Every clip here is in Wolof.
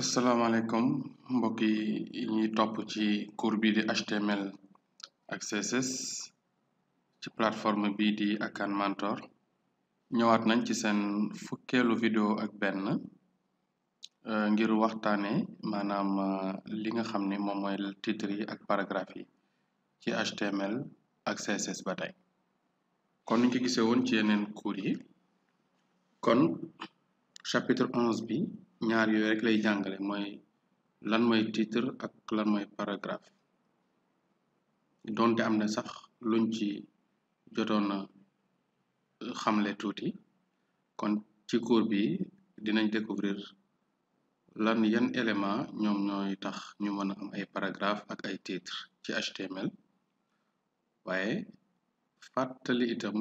asalaamaaleykum mbokk yi ñuy topp ci cours bi di HTML ak CSS ci plateforme bi di Khan Mentor nañ ci seen fukkeelu vidéo ak benn euh, ngir waxtaane maanaam euh, li nga xam ne moom mooy yi ak paragraphe ci HTML ak CSS ba kon niñ ko gisee woon ci yeneen cours yi kon chapitre 11 bi ñaar yooyu rek lay jàngale mooy lan mooy titre ak lan mooy paragraphe donte am na sax luñ ci jotoon na xamle tuuti kon ci cours bi dinañ découvrir lan yan élément ñoom ñooy tax ñu mën a am ay paragraphe ak ay titre ci HTML waaye fàttali itam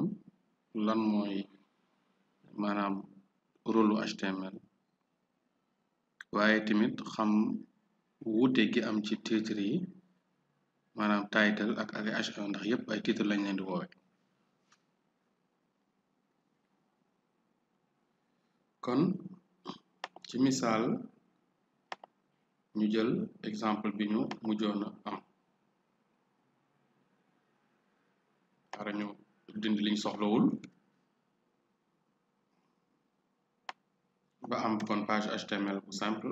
lan mooy maanaam rôlu HTML waaye tamit xam wute gi am ci titre yi maanaam title ak ak HA ndax yépp ay titre lañ leen di woowe kon ci misaal ñu jël exemple bi ñu mujjoon a am xara ñu liñ soxlawul ba am kon page HTML bu simple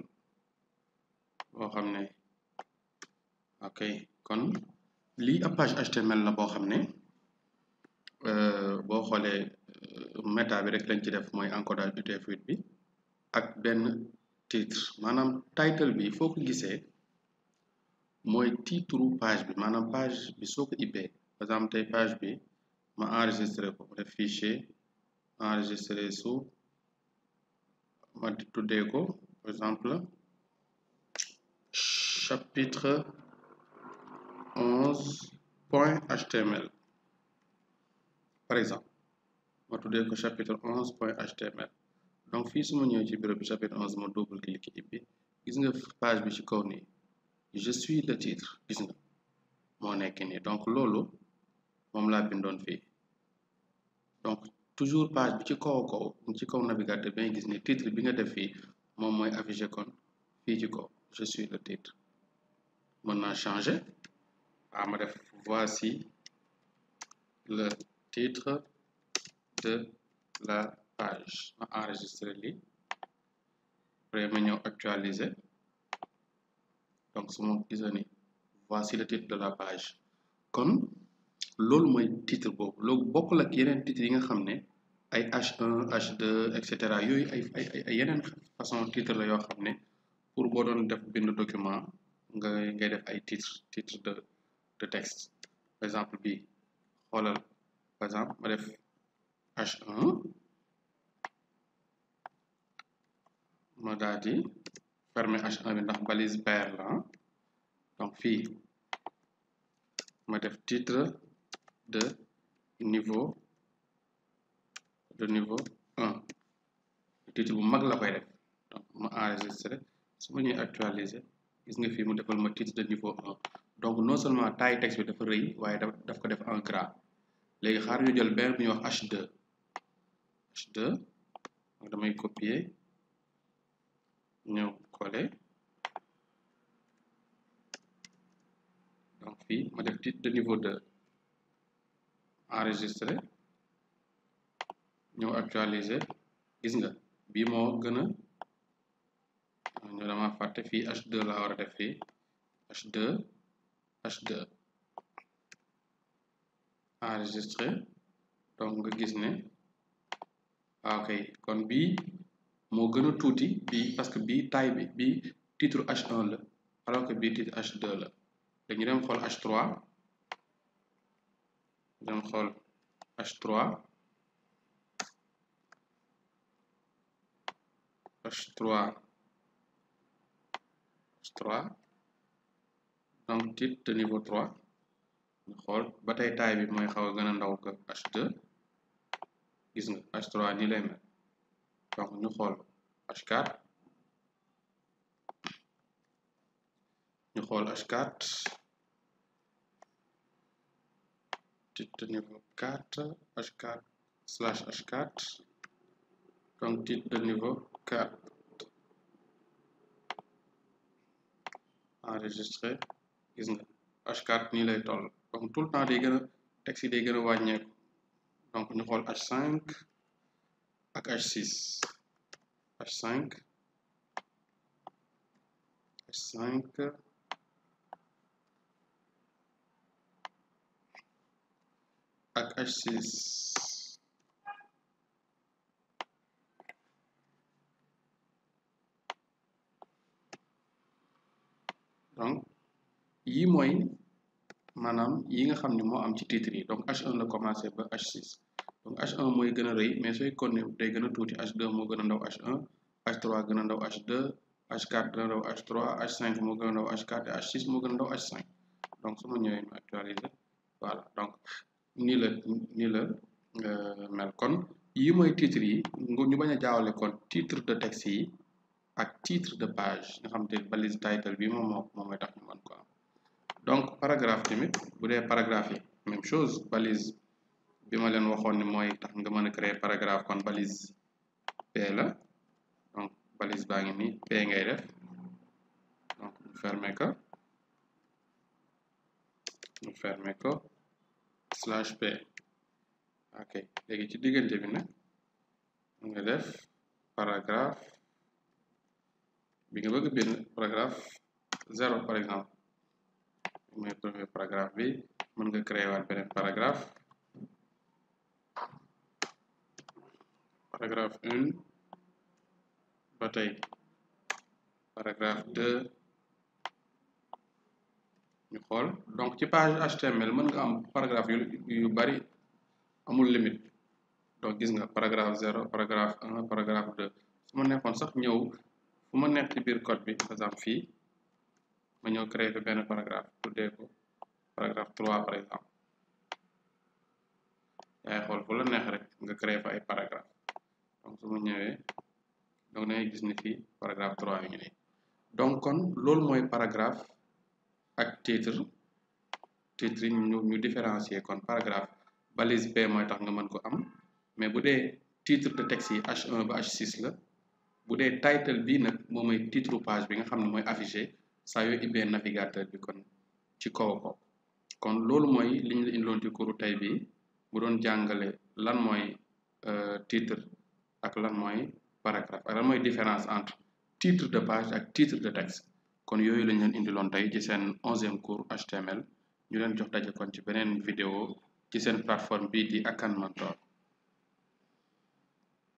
boo xam ne ok lii ab page boo xam ne euh, boo xoolee euh, méta bi rek lañ ci def mooy encodage UTF-8 bi ak benn titre maanaam title bi foo ko gisee mooy titre page bi maanaam page bi soo ko ibbee par exemple page bi ma enregistré ko def fichier enregistré sous ma tuddee ko par exemple chapitre onze point html par exemple ma tuddee ko chapitre onze point html donc fii suma ma ci bureau bi chapitre onze ma double cliquer ibbi gis nga page bi ci kaw nii je suis le titre gis nga moo nekk nii donc loolu moom laa bindoon fii donc toujours page bi ci kaw kaw ci kaw navigateur bi nga gis ne titre bi nga def fii moom mooy affiché kon fii ci kaw je suis le titre mën naa changer ah ma def voici le titre de la page ma enregistré lii après ma actualiser donc su ma gisee voici le titre de la page kon loolu mooy titre boobu loolu bokkul ak yeneen titre yi nga xam ne ay H1 H2 et cetera yooyu ay ay yeneen façon titre la yoo xam ne pour boo doon def bind document nga ngay def ay titre titre de de par exemple bii xoolal par exemple ma def h ma daal di fermer H1 bi ndax balise beer la donc fii ma def titre de niveau de niveau 1 bu mag la koy def donc ma enregistré su ma ñuy actualiser gis nga fii mu defal ma titre de niveau donc non seulement taille texte fi dafa rëy waaye daf ko def en gras léegi xaar ñu jël benn bu ñuy wax H2 H2 damay copier ñëw coller donc fii ma def titre de niveau 2 enregistré ñëw actualiser gis nga bii moo gën a dama fàtte fii H2 laa war a def fii H2 H2 enregistré donc gis ne waaw ah, kay kon bi moo gën a tuuti bi parce que bii taille bi bii titre H1 la alors que bii titre H2 la dañu dem xool H3 dinañ xool H3 H3 H3 am niveau 3 ñu xool ba tey taay bi mooy xaw a gën a ndaw ko H2 gis nga H3 nii lay mel donc ñu xool H4 ñu xool H4 titre niveau 4 h4 slash h4 donc titre niveau 4 enregistré h4 nii lay toll donc tout le temps day gën a texte yi day gën a wàññeeku donc xool h5 h6 h5 h5 ak H6 donc yii mooy maanaam yi nga xam ni moo am ci titre yi donc H1 la commencé ba H6 donc H1 mooy gën a rëy mais sooy konne day gën a tuuti H2 moo gën a ndaw H1 h a ndaw H2 H4 gën a ndaw H3 mo 5 moo gën a ndaw H4 donc su ma ñëwee donc nii la nii la euh, kon yi mooy titre yi ñu bañ a jaawale kon titre de texte yi ak titre de page nga xam te balise title bi moom moo moom mooy tax ñu mën ko donc paragraphe tamit bu paragraphe yi même chose balise bi ma leen waxoon ni mooy tax nga mën a créer paragraphe kon balise P la donc balise baa ngi nii P ngay def donc slash p ok ci diggante bi nag nga def paragraphe bi nga bëgg paragraphe zéro par exemple mooy premier paragraphe bi mën nga créer waat beneen paragraphe paragraphe un paragraphe deux ñu xool donc ci page HTML mën nga am paragraphe yu yu bari amul limite donc gis nga paragraphe zéro paragraphe un paragraphe deux su ma nekkoon sax ñëw fu ma nekk ci biir code bi par exemple fii ma ñëw créer fi benn paragraphe tuddee ko paragraphe trois par exemple yaay xool fu la neex rek nga créer fa ay paragraphe donc su ma ñëwee donc da gis ni fii paragraphe trois donc kon loolu mooy paragraphe ak titre titre yi ñu différencier kon paragraphe balise B mooy tax nga man ko am mais bu dee titre de texte yi H1 ba h la bu dee title bii nag moom mooy titre page bi nga xam ne mooy affiché saa yoo ubbee navigateur bi kon ci kaw ko kon loolu mooy li ñu la indiloon ci tey bii bu doon jàngale lan mooy euh, titre ak lan mooy paragraphe ak lan mooy différence entre titre de page ak titre de texte. kon yooyu lañ leen indiloon tey ci seen onzième cours HTML ñu leen jox daje kon ci beneen vidéo ci seen plateforme bi di Akan Mentor